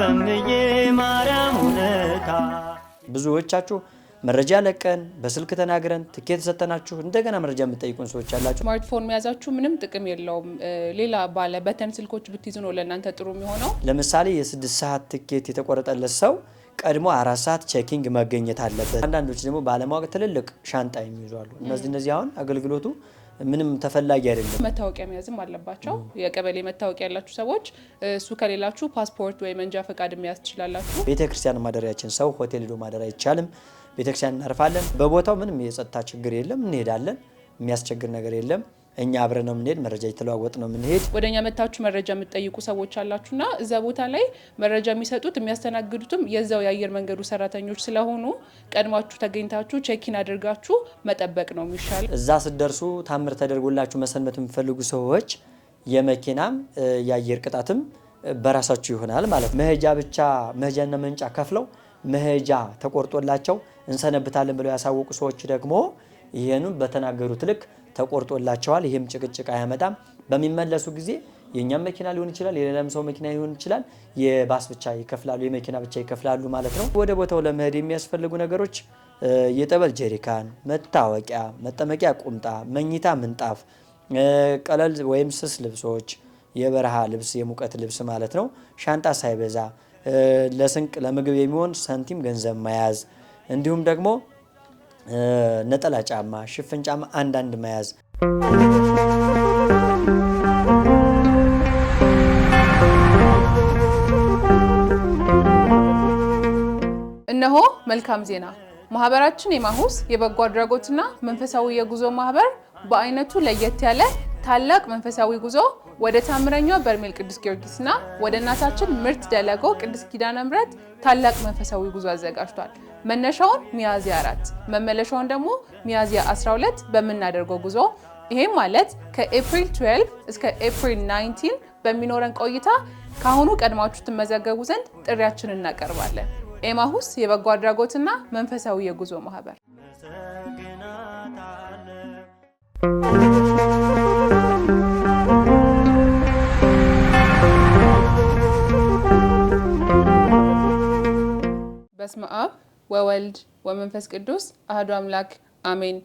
በእምዬ ማርያም ሁኔታ ብዙዎቻችሁ መረጃ ለቀን በስልክ ተናግረን ትኬት ሰጠናችሁ እንደገና መረጃ የምጠይቁን ሰዎች አላችሁ። ስማርትፎን መያዛችሁ ምንም ጥቅም የለውም፣ ሌላ ባለ በተን ስልኮች ብትይዙ ነው ለእናንተ ጥሩ የሚሆነው። ለምሳሌ የስድስት ሰዓት ትኬት የተቆረጠለት ሰው ቀድሞ አራት ሰዓት ቼኪንግ መገኘት አለበት። አንዳንዶች ደግሞ ባለማወቅ ትልልቅ ሻንጣ የሚይዙ እነዚህ እነዚህ አሁን አገልግሎቱ ምንም ተፈላጊ አይደለም። መታወቂያ መያዝም አለባቸው። የቀበሌ መታወቂያ ያላችሁ ሰዎች እሱ ከሌላችሁ ፓስፖርት ወይ መንጃ ፈቃድ መያዝ ትችላላችሁ። ቤተክርስቲያን ማደሪያችን ሰው ሆቴል ሄዶ ማደር አይቻልም። ቤተክርስቲያን እናርፋለን። በቦታው ምንም የጸጥታ ችግር የለም። እንሄዳለን። የሚያስቸግር ነገር የለም። እኛ አብረ ነው የምንሄድ፣ መረጃ የተለዋወጥ ነው የምንሄድ። ወደ እኛ መታችሁ መረጃ የምትጠይቁ ሰዎች አላችሁና እዛ ቦታ ላይ መረጃ የሚሰጡት የሚያስተናግዱትም የዛው የአየር መንገዱ ሰራተኞች ስለሆኑ ቀድማችሁ ተገኝታችሁ ቼኪን አድርጋችሁ መጠበቅ ነው የሚሻል። እዛ ስትደርሱ ታምር ተደርጎላችሁ መሰንበት የሚፈልጉ ሰዎች የመኪናም የአየር ቅጣትም በራሳችሁ ይሆናል ማለት ነው። መሄጃ ብቻ መሄጃና መንጫ ከፍለው መሄጃ ተቆርጦላቸው እንሰነብታለን ብለው ያሳወቁ ሰዎች ደግሞ ይህንም በተናገሩት ልክ ተቆርጦላቸዋል። ይህም ጭቅጭቅ አያመጣም። በሚመለሱ ጊዜ የእኛም መኪና ሊሆን ይችላል፣ የሌላም ሰው መኪና ሊሆን ይችላል። የባስ ብቻ ይከፍላሉ፣ የመኪና ብቻ ይከፍላሉ ማለት ነው። ወደ ቦታው ለመሄድ የሚያስፈልጉ ነገሮች የጠበል ጀሪካን፣ መታወቂያ፣ መጠመቂያ ቁምጣ፣ መኝታ ምንጣፍ፣ ቀለል ወይም ስስ ልብሶች፣ የበረሃ ልብስ፣ የሙቀት ልብስ ማለት ነው። ሻንጣ ሳይበዛ ለስንቅ ለምግብ የሚሆን ሳንቲም ገንዘብ መያዝ እንዲሁም ደግሞ ነጠላ ጫማ፣ ሽፍን ጫማ አንዳንድ መያዝ እነሆ መልካም ዜና። ማህበራችን የማሁስ የበጎ አድራጎትና መንፈሳዊ የጉዞ ማህበር በአይነቱ ለየት ያለ ታላቅ መንፈሳዊ ጉዞ ወደ ታምረኛ በርሜል ቅዱስ ጊዮርጊስና ወደ እናታችን ምርት ደለጎ ቅዱስ ኪዳነ ምሕረት ታላቅ መንፈሳዊ ጉዞ አዘጋጅቷል። መነሻውን ሚያዝያ 4 መመለሻውን ደግሞ ሚያዝያ 12 በምናደርገው ጉዞ ይሄም ማለት ከኤፕሪል 12 እስከ ኤፕሪል 19 በሚኖረን ቆይታ ከአሁኑ ቀድማችሁ ትመዘገቡ ዘንድ ጥሪያችን እናቀርባለን። ኤማሁስ የበጎ አድራጎትና መንፈሳዊ የጉዞ ማህበር አብ ወወልድ ወመንፈስ ቅዱስ አህዶ አምላክ አሜን።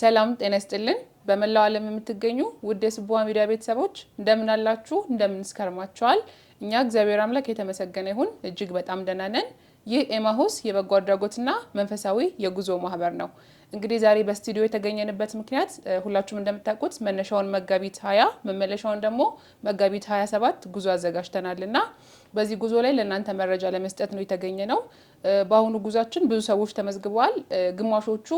ሰላም ጤና ይስጥልን። በመላው ዓለም የምትገኙ ውድ የስቡሀ ሚዲያ ቤተሰቦች እንደምን አላችሁ? እንደምን ስከርማችኋል? እኛ እግዚአብሔር አምላክ የተመሰገነ ይሁን እጅግ በጣም ደህና ነን። ይህ ኤማሁስ የበጎ አድራጎትና መንፈሳዊ የጉዞ ማህበር ነው። እንግዲህ ዛሬ በስቱዲዮ የተገኘንበት ምክንያት ሁላችሁም እንደምታውቁት መነሻውን መጋቢት ሀያ መመለሻውን ደግሞ መጋቢት ሀያ ሰባት ጉዞ አዘጋጅተናል በዚህ ጉዞ ላይ ለእናንተ መረጃ ለመስጠት ነው የተገኘ ነው። በአሁኑ ጉዟችን ብዙ ሰዎች ተመዝግበዋል። ግማሾቹ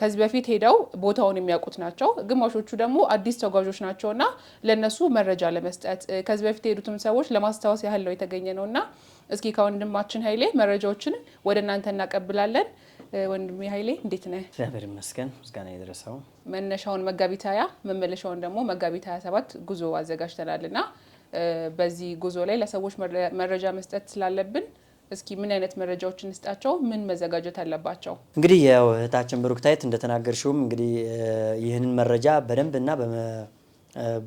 ከዚህ በፊት ሄደው ቦታውን የሚያውቁት ናቸው። ግማሾቹ ደግሞ አዲስ ተጓዦች ናቸው እና ለእነሱ መረጃ ለመስጠት ከዚህ በፊት የሄዱትም ሰዎች ለማስታወስ ያህል ነው የተገኘ ነው እና እስኪ ከወንድማችን ኃይሌ መረጃዎችን ወደ እናንተ እናቀብላለን። ወንድሜ ኃይሌ እንዴት ነህ? እግዚአብሔር ይመስገን ምስጋና የደረሰው መነሻውን መጋቢት ሀያ መመለሻውን ደግሞ መጋቢት ሀያ ሰባት ጉዞ አዘጋጅተናል እና በዚህ ጉዞ ላይ ለሰዎች መረጃ መስጠት ስላለብን እስኪ ምን አይነት መረጃዎች እንስጣቸው? ምን መዘጋጀት አለባቸው? እንግዲህ ያው እህታችን ብሩክታይት እንደተናገርሽውም እንግዲህ ይህንን መረጃ በደንብና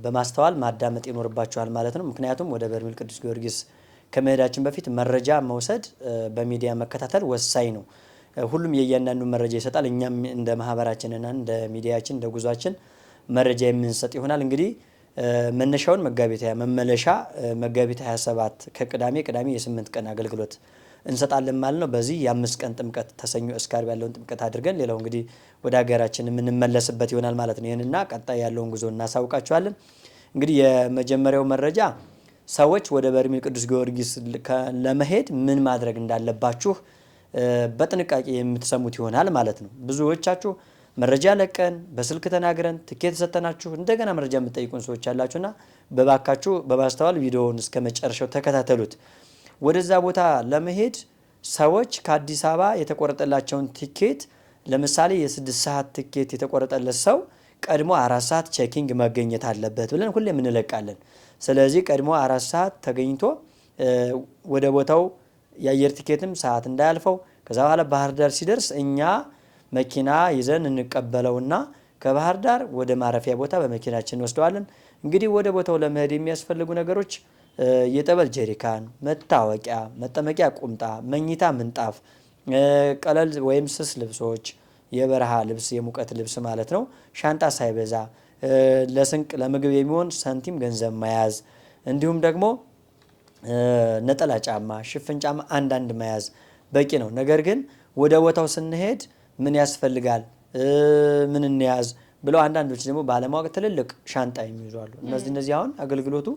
በማስተዋል ማዳመጥ ይኖርባቸዋል ማለት ነው። ምክንያቱም ወደ በርሜል ቅዱስ ጊዮርጊስ ከመሄዳችን በፊት መረጃ መውሰድ፣ በሚዲያ መከታተል ወሳኝ ነው። ሁሉም የእያንዳንዱ መረጃ ይሰጣል። እኛም እንደ ማህበራችንና እንደ ሚዲያችን እንደ ጉዟችን መረጃ የምንሰጥ ይሆናል እንግዲህ መነሻውን መጋቢት መመለሻ መጋቢት 27 ከቅዳሜ ቅዳሜ የስምንት ቀን አገልግሎት እንሰጣለን ማለት ነው። በዚህ የአምስት ቀን ጥምቀት ተሰኞ እስከ ዓርብ ያለውን ጥምቀት አድርገን ሌላው እንግዲህ ወደ ሀገራችን የምንመለስበት ይሆናል ማለት ነው። ይህንና ቀጣይ ያለውን ጉዞ እናሳውቃችኋለን። እንግዲህ የመጀመሪያው መረጃ ሰዎች ወደ በርሜል ቅዱስ ጊዮርጊስ ለመሄድ ምን ማድረግ እንዳለባችሁ በጥንቃቄ የምትሰሙት ይሆናል ማለት ነው ብዙዎቻችሁ መረጃ ለቀን በስልክ ተናግረን ትኬት ሰጠናችሁ እንደገና መረጃ የምትጠይቁን ሰዎች አላችሁና በባካችሁ በማስተዋል ቪዲዮውን እስከ መጨረሻው ተከታተሉት። ወደዛ ቦታ ለመሄድ ሰዎች ከአዲስ አበባ የተቆረጠላቸውን ትኬት ለምሳሌ የስድስት ሰዓት ትኬት የተቆረጠለት ሰው ቀድሞ አራት ሰዓት ቼኪንግ መገኘት አለበት ብለን ሁሌም እንለቃለን። ስለዚህ ቀድሞ አራት ሰዓት ተገኝቶ ወደ ቦታው የአየር ትኬትም ሰዓት እንዳያልፈው ከዛ በኋላ ባህር ዳር ሲደርስ እኛ መኪና ይዘን እንቀበለውና ከባህር ዳር ወደ ማረፊያ ቦታ በመኪናችን እንወስደዋለን። እንግዲህ ወደ ቦታው ለመሄድ የሚያስፈልጉ ነገሮች የጠበል ጀሪካን፣ መታወቂያ፣ መጠመቂያ ቁምጣ፣ መኝታ ምንጣፍ፣ ቀለል ወይም ስስ ልብሶች፣ የበረሃ ልብስ፣ የሙቀት ልብስ ማለት ነው። ሻንጣ ሳይበዛ ለስንቅ ለምግብ የሚሆን ሳንቲም ገንዘብ መያዝ እንዲሁም ደግሞ ነጠላ ጫማ፣ ሽፍን ጫማ አንዳንድ መያዝ በቂ ነው። ነገር ግን ወደ ቦታው ስንሄድ ምን ያስፈልጋል ምን እንያዝ ብለው አንዳንዶች ደግሞ ባለማወቅ ትልልቅ ሻንጣ የሚይዙ አሉ። እነዚህ እነዚህ አሁን አገልግሎቱ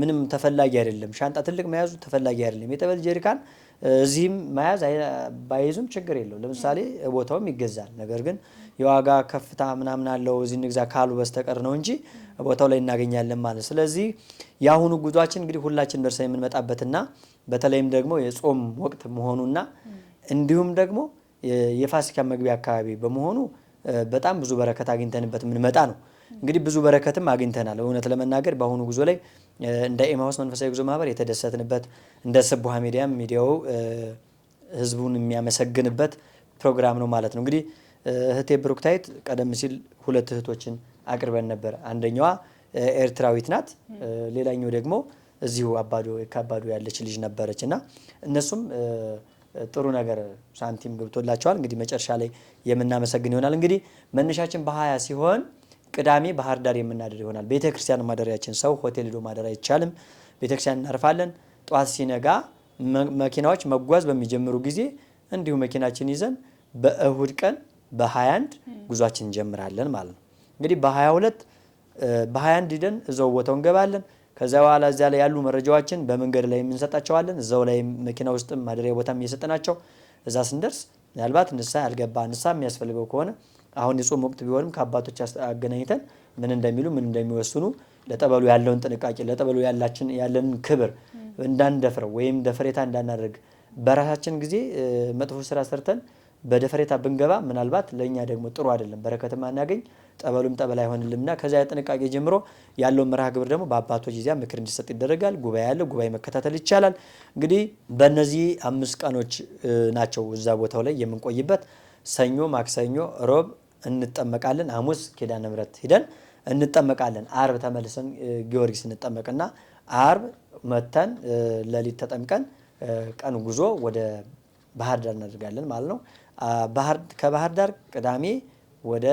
ምንም ተፈላጊ አይደለም። ሻንጣ ትልቅ መያዙ ተፈላጊ አይደለም። የጠበል ጀሪካን እዚህም መያዝ ባይዙም ችግር የለው። ለምሳሌ ቦታውም ይገዛል። ነገር ግን የዋጋ ከፍታ ምናምን አለው እዚህ ንግዛ ካሉ በስተቀር ነው እንጂ ቦታው ላይ እናገኛለን ማለት። ስለዚህ የአሁኑ ጉዟችን እንግዲህ ሁላችን ደርሰን የምንመጣበትና በተለይም ደግሞ የጾም ወቅት መሆኑና እንዲሁም ደግሞ የፋሲካ መግቢያ አካባቢ በመሆኑ በጣም ብዙ በረከት አግኝተንበት የምንመጣ ነው። እንግዲህ ብዙ በረከትም አግኝተናል። እውነት ለመናገር በአሁኑ ጉዞ ላይ እንደ ኤማውስ መንፈሳዊ ጉዞ ማህበር የተደሰትንበት እንደ ስቡሃ ሚዲያም ሚዲያው ህዝቡን የሚያመሰግንበት ፕሮግራም ነው ማለት ነው። እንግዲህ እህቴ ብሩክታይት ቀደም ሲል ሁለት እህቶችን አቅርበን ነበር። አንደኛዋ ኤርትራዊት ናት፣ ሌላኛው ደግሞ እዚሁ አባዶ ከአባዶ ያለች ልጅ ነበረች እና እነሱም ጥሩ ነገር ሳንቲም ገብቶላቸዋል። እንግዲህ መጨረሻ ላይ የምናመሰግን ይሆናል። እንግዲህ መነሻችን በሀያ ሲሆን ቅዳሜ ባህር ዳር የምናደር ይሆናል። ቤተ ክርስቲያን ማደሪያችን፣ ሰው ሆቴል ሄዶ ማደር አይቻልም። ቤተ ክርስቲያን እናርፋለን። ጠዋት ሲነጋ መኪናዎች መጓዝ በሚጀምሩ ጊዜ እንዲሁ መኪናችን ይዘን በእሁድ ቀን በ21 ጉዟችን እንጀምራለን ማለት ነው። እንግዲህ በ22 በ21 ሂደን እዛው ቦታው እንገባለን። ከዛ በኋላ እዚያ ላይ ያሉ መረጃዎችን በመንገድ ላይ የምንሰጣቸዋለን። እዛው ላይ መኪና ውስጥም ማደሪያ ቦታም እየሰጠናቸው እዛ ስንደርስ ምናልባት ንሳ ያልገባ ንሳ የሚያስፈልገው ከሆነ አሁን የጾም ወቅት ቢሆንም ከአባቶች አገናኝተን ምን እንደሚሉ ምን እንደሚወስኑ ለጠበሉ ያለውን ጥንቃቄ ለጠበሉ ያለንን ክብር እንዳንደፍረው ወይም ደፈሬታ እንዳናደርግ በራሳችን ጊዜ መጥፎ ስራ ሰርተን በደፈሬታ ብንገባ ምናልባት ለእኛ ደግሞ ጥሩ አይደለም፣ በረከትም አናገኝ ጠበሉም ጠበል አይሆንልምና ከዚያ ጥንቃቄ ጀምሮ ያለውን መርሃ ግብር ደግሞ በአባቶች ጊዜ ምክር እንዲሰጥ ይደረጋል። ጉባኤ ያለ ጉባኤ መከታተል ይቻላል። እንግዲህ በእነዚህ አምስት ቀኖች ናቸው እዛ ቦታው ላይ የምንቆይበት። ሰኞ፣ ማክሰኞ፣ ሮብ እንጠመቃለን። ሐሙስ ኪዳነ ምሕረት ሂደን እንጠመቃለን። አርብ ተመልሰን ጊዮርጊስ እንጠመቅና አርብ መተን ለሊት ተጠምቀን ቀን ጉዞ ወደ ባህር ዳር እናደርጋለን ማለት ነው። ከባህር ዳር ቅዳሜ ወደ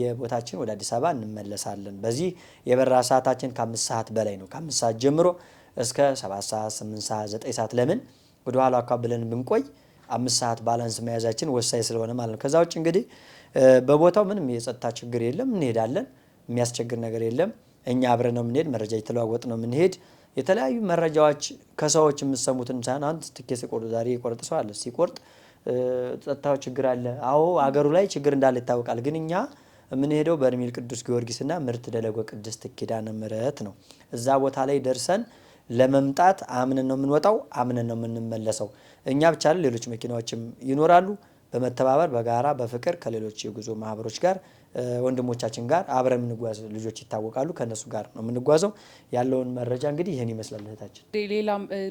የቦታችን ወደ አዲስ አበባ እንመለሳለን። በዚህ የበረራ ሰዓታችን ከአምስት ሰዓት በላይ ነው። ከአምስት ሰዓት ጀምሮ እስከ ሰባት ሰዓት፣ ስምንት ሰዓት፣ ዘጠኝ ሰዓት ለምን ወደ ኋላ አካ ብለን ብንቆይ አምስት ሰዓት ባላንስ መያዛችን ወሳኝ ስለሆነ ማለት ነው። ከዛ ውጭ እንግዲህ በቦታው ምንም የጸጥታ ችግር የለም። እንሄዳለን። የሚያስቸግር ነገር የለም። እኛ አብረን ነው የምንሄድ። መረጃ የተለዋወጥ ነው የምንሄድ። የተለያዩ መረጃዎች ከሰዎች የምትሰሙትን ሳይሆን አንድ ትኬት ሲቆርጥ ዛሬ የቆረጠ ሰው አለ ሲቆርጥ ጸጥታው ችግር አለ። አዎ አገሩ ላይ ችግር እንዳለ ይታወቃል። ግን እኛ የምንሄደው በርሜል ቅዱስ ጊዮርጊስና ምርት ደለጎ ቅድስት ኪዳነ ምሕረት ነው። እዛ ቦታ ላይ ደርሰን ለመምጣት አምነን ነው የምንወጣው፣ አምነን ነው የምንመለሰው። እኛ ብቻ ሌሎች መኪናዎችም ይኖራሉ። በመተባበር በጋራ በፍቅር ከሌሎች የጉዞ ማህበሮች ጋር ወንድሞቻችን ጋር አብረን የምንጓዝ ልጆች ይታወቃሉ። ከእነሱ ጋር ነው የምንጓዘው። ያለውን መረጃ እንግዲህ ይህን ይመስላል እህታችን። ሌላ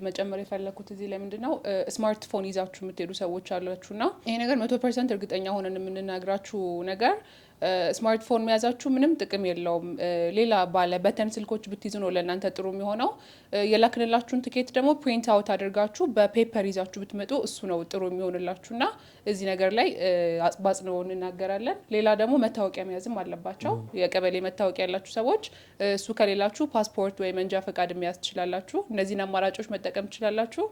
መጨመር የፈለግኩት እዚህ ላይ ነው ስማርትፎን ይዛችሁ የምትሄዱ ሰዎች አላችሁና ይሄ ነገር መቶ ፐርሰንት እርግጠኛ ሆነን የምንናግራችሁ ነገር ስማርትፎን መያዛችሁ ምንም ጥቅም የለውም። ሌላ ባለ በተን ስልኮች ብትይዙ ነው ለእናንተ ጥሩ የሚሆነው። የላክንላችሁን ትኬት ደግሞ ፕሪንት አውት አድርጋችሁ በፔፐር ይዛችሁ ብትመጡ እሱ ነው ጥሩ የሚሆንላችሁና እዚህ ነገር ላይ በአጽንኦት እንናገራለን። ሌላ ደግሞ መታወቂያ መያዝም አለባቸው። የቀበሌ መታወቂያ ያላችሁ ሰዎች እሱ ከሌላችሁ ፓስፖርት ወይ መንጃ ፈቃድ መያዝ ትችላላችሁ። እነዚህን አማራጮች መጠቀም ትችላላችሁ።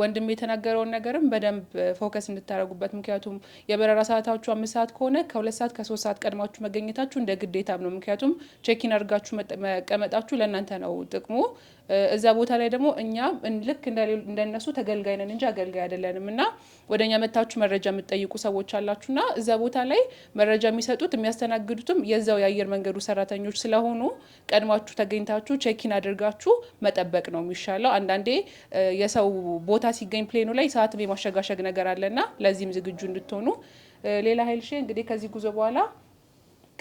ወንድም የተናገረውን ነገርም በደንብ ፎከስ እንድታደረጉበት ምክንያቱም የበረራ ሰዓታችሁ አምስት ሰዓት ከሆነ ከሁለት ሰዓት ከሶስት ሰዓት ቀድማችሁ መገኘታችሁ እንደ ግዴታም ነው። ምክንያቱም ቼኪን አድርጋችሁ መቀመጣችሁ ለእናንተ ነው ጥቅሙ። እዛ ቦታ ላይ ደግሞ እኛ ልክ እንደነሱ ተገልጋይ ነን እንጂ አገልጋይ አይደለንም እና ወደ እኛ መታችሁ መረጃ የምትጠይቁ ሰዎች አላችሁና እዛ ቦታ ላይ መረጃ የሚሰጡት የሚያስተናግዱትም የዛው የአየር መንገዱ ሰራተኞች ስለሆኑ ቀድማችሁ ተገኝታችሁ ቼኪን አድርጋችሁ መጠበቅ ነው የሚሻለው። አንዳንዴ የሰው ቦታ ሲገኝ ፕሌኑ ላይ ሰዓትም የማሸጋሸግ ነገር አለና ለዚህም ዝግጁ እንድትሆኑ። ሌላ ሀይልሽ እንግዲህ ከዚህ ጉዞ በኋላ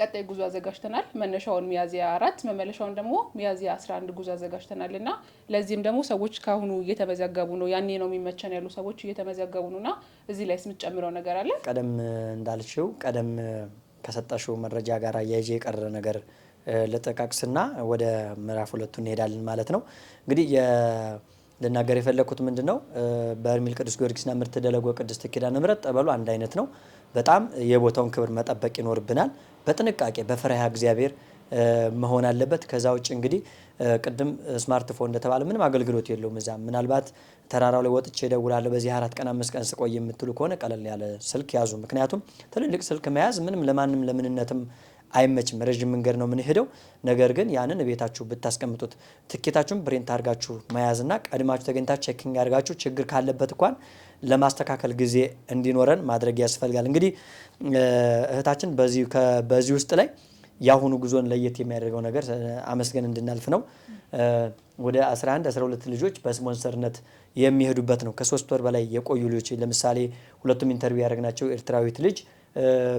ቀጣይ ጉዞ አዘጋጅተናል። መነሻውን ሚያዝያ አራት መመለሻውን ደግሞ ሚያዝያ 11 ጉዞ አዘጋጅተናል እና ለዚህም ደግሞ ሰዎች ካሁኑ እየተመዘገቡ ነው። ያኔ ነው የሚመቸን ያሉ ሰዎች እየተመዘገቡ ነውና እዚህ ላይ ስምትጨምረው ነገር አለ? ቀደም እንዳልችው ቀደም ከሰጠሽው መረጃ ጋር አያይዤ የቀረ ነገር ልጠቃቅስና ወደ ምዕራፍ ሁለቱ እንሄዳለን ማለት ነው እንግዲህ ልናገር የፈለግኩት ምንድን ነው በርሜል ቅዱስ ጊዮርጊስና ምርት ደለጎ ቅድስት ኪዳነ ምሕረት ጠበሉ አንድ አይነት ነው። በጣም የቦታውን ክብር መጠበቅ ይኖርብናል። በጥንቃቄ በፍርሃ እግዚአብሔር መሆን አለበት። ከዛ ውጭ እንግዲህ ቅድም ስማርትፎን እንደተባለ ምንም አገልግሎት የለውም። እዛ ምናልባት ተራራው ላይ ወጥቼ እደውላለሁ በዚህ አራት ቀን አምስት ቀን ስቆይ የምትሉ ከሆነ ቀለል ያለ ስልክ ያዙ። ምክንያቱም ትልልቅ ስልክ መያዝ ምንም ለማንም ለምንነትም አይመችም፣ ረዥም መንገድ ነው የምንሄደው። ነገር ግን ያንን ቤታችሁ ብታስቀምጡት ትኬታችሁን ፕሪንት አድርጋችሁ መያዝና ቀድማችሁ ተገኝታ ቼኪንግ አድርጋችሁ ችግር ካለበት እንኳን ለማስተካከል ጊዜ እንዲኖረን ማድረግ ያስፈልጋል። እንግዲህ እህታችን በዚህ ውስጥ ላይ የአሁኑ ጉዞን ለየት የሚያደርገው ነገር አመስገን እንድናልፍ ነው። ወደ 11 12 ልጆች በስፖንሰርነት የሚሄዱበት ነው። ከሶስት ወር በላይ የቆዩ ልጆች ለምሳሌ ሁለቱም ኢንተርቪው ያደረግናቸው ኤርትራዊት ልጅ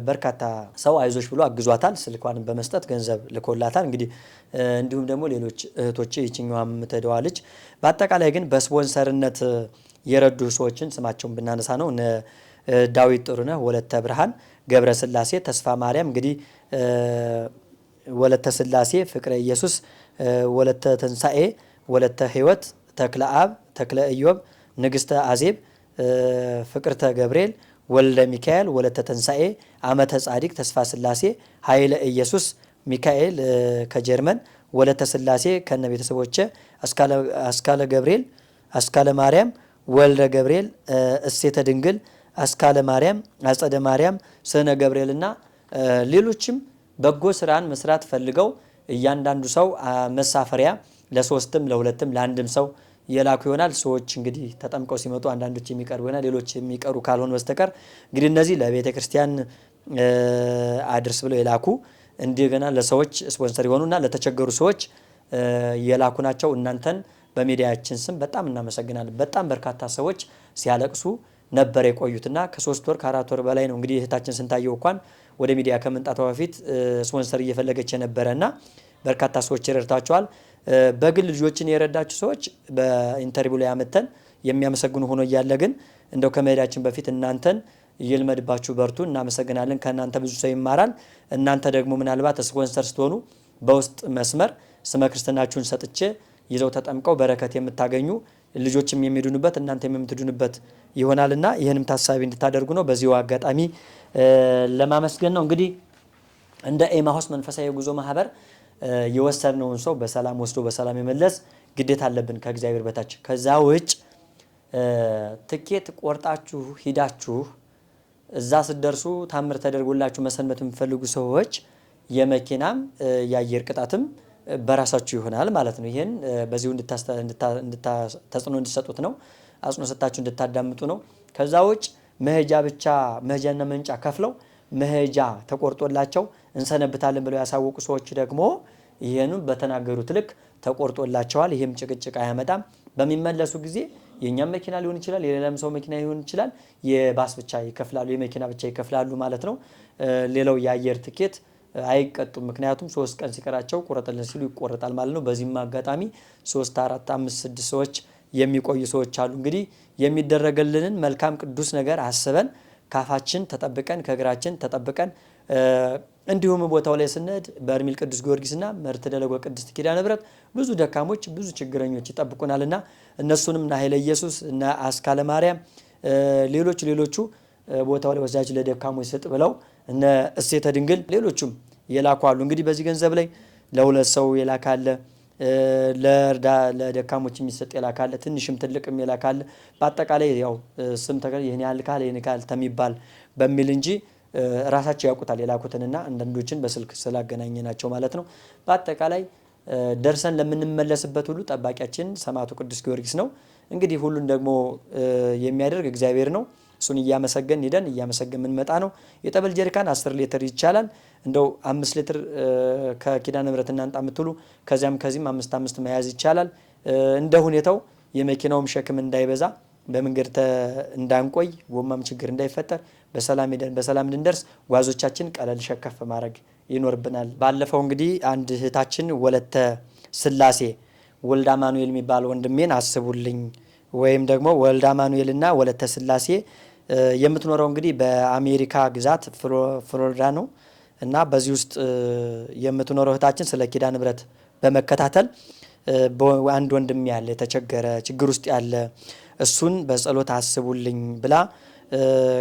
በርካታ ሰው አይዞች ብሎ አግዟታል። ስልኳን በመስጠት ገንዘብ ልኮላታል። እንግዲህ እንዲሁም ደግሞ ሌሎች እህቶች ይችኛዋም ተደዋ በአጠቃላይ ግን በስፖንሰርነት የረዱ ሰዎችን ስማቸውን ብናነሳ ነው እነ ዳዊት ጥሩነህ፣ ወለተ ብርሃን፣ ገብረ ስላሴ፣ ተስፋ ማርያም እንግዲህ ወለተ ስላሴ፣ ፍቅረ ኢየሱስ፣ ወለተ ትንሣኤ፣ ወለተ ህይወት ተክለ አብ፣ ተክለ ኢዮብ፣ ንግስተ አዜብ፣ ፍቅርተ ገብርኤል ወልደ ሚካኤል ወለተ ተንሳኤ አመተ ጻዲቅ ተስፋ ስላሴ ኃይለ ኢየሱስ ሚካኤል ከጀርመን ወለተ ስላሴ ከነ ቤተሰቦቼ አስካለ ገብርኤል አስካለ ማርያም ወልደ ገብርኤል እሴተ ድንግል አስካለ ማርያም አጸደ ማርያም ስነ ገብርኤልና ሌሎችም በጎ ስራን መስራት ፈልገው እያንዳንዱ ሰው መሳፈሪያ ለሶስትም ለሁለትም ለአንድም ሰው የላኩ ይሆናል። ሰዎች እንግዲህ ተጠምቀው ሲመጡ አንዳንዶች የሚቀርቡ ይሆናል፣ ሌሎች የሚቀሩ ካልሆን በስተቀር እንግዲህ እነዚህ ለቤተ ክርስቲያን አድርስ ብለው የላኩ እንደገና ለሰዎች ስፖንሰር የሆኑና ለተቸገሩ ሰዎች የላኩ ናቸው። እናንተን በሚዲያችን ስም በጣም እናመሰግናለን። በጣም በርካታ ሰዎች ሲያለቅሱ ነበር የቆዩትና ከሶስት ወር ከአራት ወር በላይ ነው እንግዲህ እህታችን ስንታየው እንኳን ወደ ሚዲያ ከመምጣቷ በፊት ስፖንሰር እየፈለገች የነበረ እና በርካታ ሰዎች ይረድታቸዋል። በግል ልጆችን የረዳችሁ ሰዎች በኢንተርቪው ላይ አመተን የሚያመሰግኑ ሆኖ እያለ ግን እንደው ከመሄዳችን በፊት እናንተን ይልመድባችሁ፣ በርቱ። እናመሰግናለን። ከእናንተ ብዙ ሰው ይማራል። እናንተ ደግሞ ምናልባት ስፖንሰር ስትሆኑ በውስጥ መስመር ስመ ክርስትናችሁን ሰጥቼ ይዘው ተጠምቀው በረከት የምታገኙ ልጆችም የሚድኑበት እናንተም የምትድኑበት ይሆናልና ይህንም ታሳቢ እንድታደርጉ ነው በዚሁ አጋጣሚ ለማመስገን ነው። እንግዲህ እንደ ኤማሆስ መንፈሳዊ የጉዞ ማህበር የወሰድነውን ሰው በሰላም ወስዶ በሰላም የመለስ ግዴታ አለብን ከእግዚአብሔር በታች። ከዛ ውጭ ትኬት ቆርጣችሁ ሂዳችሁ እዛ ስደርሱ ታምር ተደርጎላችሁ መሰንበት የሚፈልጉ ሰዎች የመኪናም የአየር ቅጣትም በራሳችሁ ይሆናል ማለት ነው። ይህን በዚሁ ተጽዕኖ እንድሰጡት ነው፣ አጽኖ ሰጥታችሁ እንድታዳምጡ ነው። ከዛ ውጭ መሄጃ ብቻ መሄጃና መንጫ ከፍለው መሄጃ ተቆርጦላቸው እንሰነብታለን ብለው ያሳወቁ ሰዎች ደግሞ ይህንም በተናገሩት ልክ ተቆርጦላቸዋል። ይህም ጭቅጭቅ አያመጣም። በሚመለሱ ጊዜ የእኛም መኪና ሊሆን ይችላል፣ የሌላም ሰው መኪና ሊሆን ይችላል። የባስ ብቻ ይከፍላሉ፣ የመኪና ብቻ ይከፍላሉ ማለት ነው። ሌላው የአየር ትኬት አይቀጡም። ምክንያቱም ሶስት ቀን ሲቀራቸው ቁረጥልን ሲሉ ይቆረጣል ማለት ነው። በዚህም አጋጣሚ ሶስት፣ አራት፣ አምስት፣ ስድስት ሰዎች የሚቆዩ ሰዎች አሉ። እንግዲህ የሚደረግልንን መልካም ቅዱስ ነገር አስበን ካፋችን ተጠብቀን ከእግራችን ተጠብቀን እንዲሁም ቦታው ላይ ስንሄድ በርሜል ቅዱስ ጊዮርጊስና መርት ደለጎ ቅድስት ኪዳነ ምሕረት ብዙ ደካሞች ብዙ ችግረኞች ይጠብቁናልና እነሱንም እና ኃይለ ኢየሱስ እና አስካለ ማርያም ሌሎች ሌሎቹ ቦታው ላይ ወዛጅ ለደካሞች ስጥ ብለው እነ እሴተ ድንግል ሌሎቹም የላኩ አሉ። እንግዲህ በዚህ ገንዘብ ላይ ለሁለት ሰው የላካለ ለእርዳ ለደካሞች የሚሰጥ የላካለ ትንሽም ትልቅም የላካለ በአጠቃላይ ያው ስም ተከ ይህን ያህል ካል ይህን ካል ተሚባል በሚል እንጂ ራሳቸው ያውቁታል የላኩትንና አንዳንዶችን በስልክ ስላገናኘ ናቸው ማለት ነው። በአጠቃላይ ደርሰን ለምንመለስበት ሁሉ ጠባቂያችን ሰማዕቱ ቅዱስ ጊዮርጊስ ነው። እንግዲህ ሁሉን ደግሞ የሚያደርግ እግዚአብሔር ነው። እሱን እያመሰገን ሄደን እያመሰገን የምንመጣ ነው። የጠበል ጀሪካን አስር ሊትር ይቻላል። እንደው አምስት ሊትር ከኪዳነ ምሕረት እናንጣ የምትሉ ከዚያም ከዚህም አምስት አምስት መያዝ ይቻላል። እንደ ሁኔታው የመኪናውም ሸክም እንዳይበዛ በመንገድ እንዳንቆይ ጎማም ችግር እንዳይፈጠር በሰላም ሄደን በሰላም እንድንደርስ ጓዞቻችን ቀለል ሸከፍ ማድረግ ይኖርብናል። ባለፈው እንግዲህ አንድ እህታችን ወለተ ስላሴ ወልድ አማኑኤል የሚባል ወንድሜን አስቡልኝ ወይም ደግሞ ወልደ አማኑኤልና ወለተ ስላሴ የምትኖረው እንግዲህ በአሜሪካ ግዛት ፍሎሪዳ ነው እና በዚህ ውስጥ የምትኖረው እህታችን ስለ ኪዳነ ምሕረት በመከታተል አንድ ወንድም ያለ የተቸገረ ችግር ውስጥ ያለ እሱን በጸሎት አስቡልኝ ብላ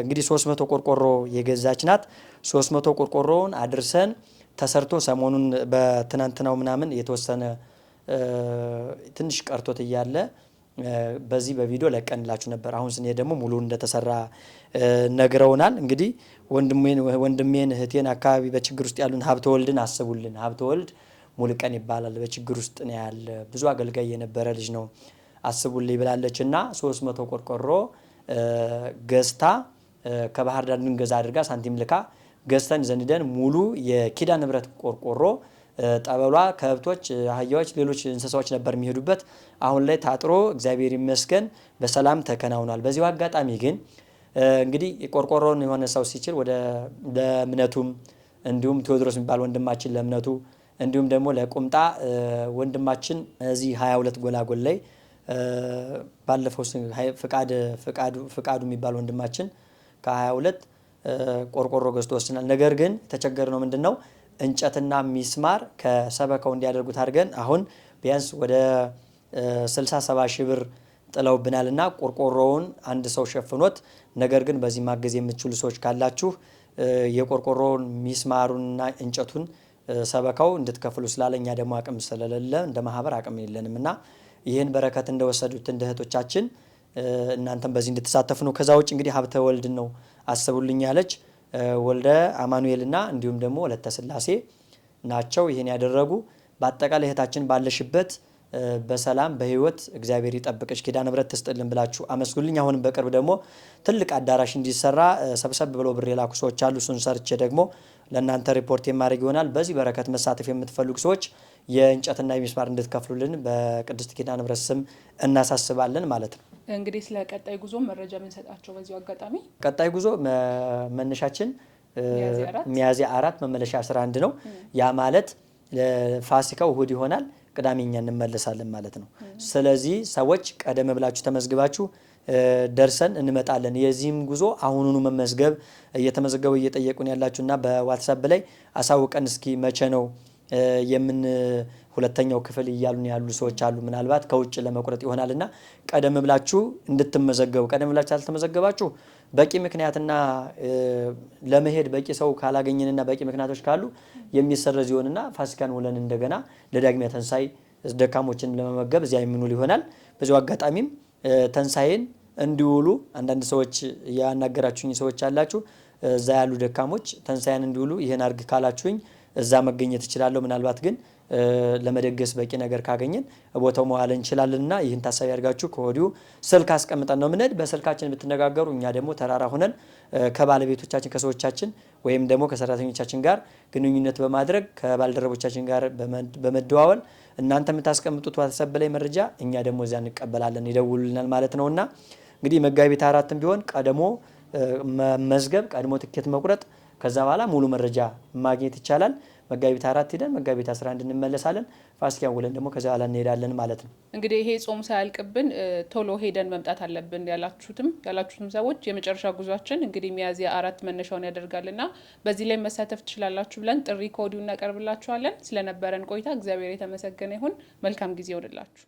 እንግዲህ 300 ቆርቆሮ የገዛች ናት። 300 ቆርቆሮውን አድርሰን ተሰርቶ ሰሞኑን በትናንትናው ምናምን የተወሰነ ትንሽ ቀርቶት እያለ በዚህ በቪዲዮ ለቀንላችሁ ነበር። አሁን ስኔ ደግሞ ሙሉ እንደተሰራ ነግረውናል። እንግዲህ ወንድሜን እህቴን አካባቢ በችግር ውስጥ ያሉን ሀብተ ወልድን አስቡልን። ሀብተ ወልድ ሙልቀን ይባላል። በችግር ውስጥ ነው ያለ። ብዙ አገልጋይ የነበረ ልጅ ነው። አስቡልኝ ብላለች እና 300 ቆርቆሮ ገዝታ ከባህር ዳር እንገዛ አድርጋ ሳንቲም ልካ ገዝተን ዘንደን ሙሉ የኪዳነ ንብረት ቆርቆሮ ጠበሏ ከብቶች፣ አህያዎች፣ ሌሎች እንስሳዎች ነበር የሚሄዱበት። አሁን ላይ ታጥሮ እግዚአብሔር ይመስገን በሰላም ተከናውኗል። በዚሁ አጋጣሚ ግን እንግዲህ ቆርቆሮን የሆነ ሰው ሲችል ወደ ለእምነቱም እንዲሁም ቴዎድሮስ የሚባል ወንድማችን ለእምነቱ እንዲሁም ደግሞ ለቁምጣ ወንድማችን እዚህ 22 ጎላጎል ላይ ባለፈው ፍቃዱ የሚባል ወንድማችን ከ22 ቆርቆሮ ገዝቶ ወስናል። ነገር ግን የተቸገር ነው ምንድን ነው እንጨትና ሚስማር ከሰበካው እንዲያደርጉት አድርገን አሁን ቢያንስ ወደ ስልሳ ሰባ ሺህ ብር ጥለውብናልና ቆርቆሮውን አንድ ሰው ሸፍኖት፣ ነገር ግን በዚህ ማገዝ የምትችሉ ሰዎች ካላችሁ የቆርቆሮውን ሚስማሩንና እንጨቱን ሰበካው እንድትከፍሉ ስላለ እኛ ደግሞ አቅም ስለሌለ እንደ ማህበር አቅም የለንም እና ይህን በረከት እንደወሰዱት እንደ እህቶቻችን እናንተም በዚህ እንድትሳተፍ ነው። ከዛ ውጭ እንግዲህ ሀብተ ወልድን ነው አስቡልኝ ያለች ወልደ አማኑኤልና እንዲሁም ደግሞ ወለተ ስላሴ ናቸው ይህን ያደረጉ። በአጠቃላይ እህታችን ባለሽበት በሰላም በህይወት እግዚአብሔር ይጠብቅሽ፣ ኪዳነ ምሕረት ትስጥልን ብላችሁ አመስጉልኝ። አሁንም በቅርብ ደግሞ ትልቅ አዳራሽ እንዲሰራ ሰብሰብ ብሎ ብር የላኩ ሰዎች አሉ። እሱን ሰርቼ ደግሞ ለእናንተ ሪፖርት የማድረግ ይሆናል። በዚህ በረከት መሳተፍ የምትፈልጉ ሰዎች የእንጨትና የሚስማር እንድትከፍሉልን በቅድስት ኪዳነ ምሕረት ስም እናሳስባለን ማለት ነው። እንግዲህ ስለ ቀጣይ ጉዞ መረጃ የምንሰጣቸው በዚሁ አጋጣሚ ቀጣይ ጉዞ መነሻችን ሚያዝያ አራት መመለሻ 11 ነው። ያ ማለት ፋሲካው እሁድ ይሆናል። ቅዳሜኛ እንመለሳለን ማለት ነው። ስለዚህ ሰዎች ቀደም ብላችሁ ተመዝግባችሁ ደርሰን እንመጣለን። የዚህም ጉዞ አሁኑኑ መመዝገብ እየተመዘገቡ እየጠየቁን ያላችሁና በዋትሳፕ ላይ አሳውቀን እስኪ መቼ ነው የምን ሁለተኛው ክፍል እያሉን ያሉ ሰዎች አሉ። ምናልባት ከውጭ ለመቁረጥ እና ቀደም ብላችሁ እንድትመዘገቡ። ቀደም ብላችሁ ያልተመዘገባችሁ በቂ ምክንያትና ለመሄድ በቂ ሰው ካላገኘንና በቂ ምክንያቶች ካሉ የሚሰረዝ ይሆንና ፋሲካን ውለን እንደገና ለዳግሚያ ተንሳይ ደካሞችን ለመመገብ እዚያ የምንውል ይሆናል። በዚሁ አጋጣሚም ተንሳይን እንዲውሉ አንዳንድ ሰዎች ያናገራችሁኝ ሰዎች አላችሁ። እዛ ያሉ ደካሞች ተንሳያን እንዲውሉ ይህን አድርግ ካላችሁኝ እዛ መገኘት እችላለሁ። ምናልባት ግን ለመደገስ በቂ ነገር ካገኘን ቦታው መዋል እንችላለንና ይህን ታሳቢ አድርጋችሁ ከወዲሁ ስልክ አስቀምጠን ነው ምንሄድ። በስልካችን ብትነጋገሩ እኛ ደግሞ ተራራ ሆነን ከባለቤቶቻችን ከሰዎቻችን ወይም ደግሞ ከሰራተኞቻችን ጋር ግንኙነት በማድረግ ከባልደረቦቻችን ጋር በመደዋወል እናንተ የምታስቀምጡት ዋትሳፕ ላይ መረጃ እኛ ደግሞ እዚያ እንቀበላለን፣ ይደውሉልናል ማለት ነውና እንግዲህ መጋቢት አራትም ቢሆን ቀድሞ መመዝገብ፣ ቀድሞ ትኬት መቁረጥ ከዛ በኋላ ሙሉ መረጃ ማግኘት ይቻላል። መጋቢት አራት ሄደን መጋቢት 11 እንመለሳለን። ፋሲካን ውለን ደግሞ ከዛ በኋላ እንሄዳለን ማለት ነው። እንግዲህ ይሄ ጾም ሳያልቅብን ቶሎ ሄደን መምጣት አለብን ያላችሁትም ያላችሁትም ሰዎች የመጨረሻ ጉዟችን እንግዲህ ሚያዝያ አራት መነሻውን ያደርጋልና በዚህ ላይ መሳተፍ ትችላላችሁ ብለን ጥሪ ከወዲሁ እናቀርብላችኋለን። ስለነበረን ቆይታ እግዚአብሔር የተመሰገነ ይሁን። መልካም ጊዜ ይሆንላችሁ።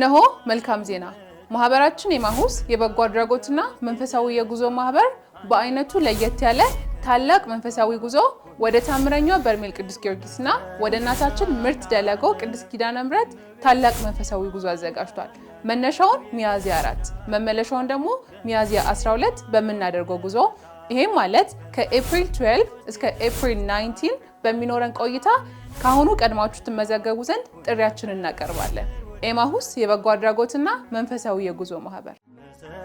እነሆ መልካም ዜና። ማህበራችን ኤማሁስ የበጎ አድራጎትና መንፈሳዊ የጉዞ ማህበር በአይነቱ ለየት ያለ ታላቅ መንፈሳዊ ጉዞ ወደ ታምረኛው በርሜል ቅዱስ ጊዮርጊስና ወደ እናታችን ምርት ደለጎ ቅዱስ ኪዳነ ምሕረት ታላቅ መንፈሳዊ ጉዞ አዘጋጅቷል። መነሻውን ሚያዝያ 4 መመለሻውን ደግሞ ሚያዝያ 12 በምናደርገው ጉዞ ይህም ማለት ከኤፕሪል 12 እስከ ኤፕሪል 19 በሚኖረን ቆይታ ከአሁኑ ቀድማችሁ ትመዘገቡ ዘንድ ጥሪያችንን እናቀርባለን። ኤማሁስ የበጎ አድራጎትና መንፈሳዊ የጉዞ ማህበር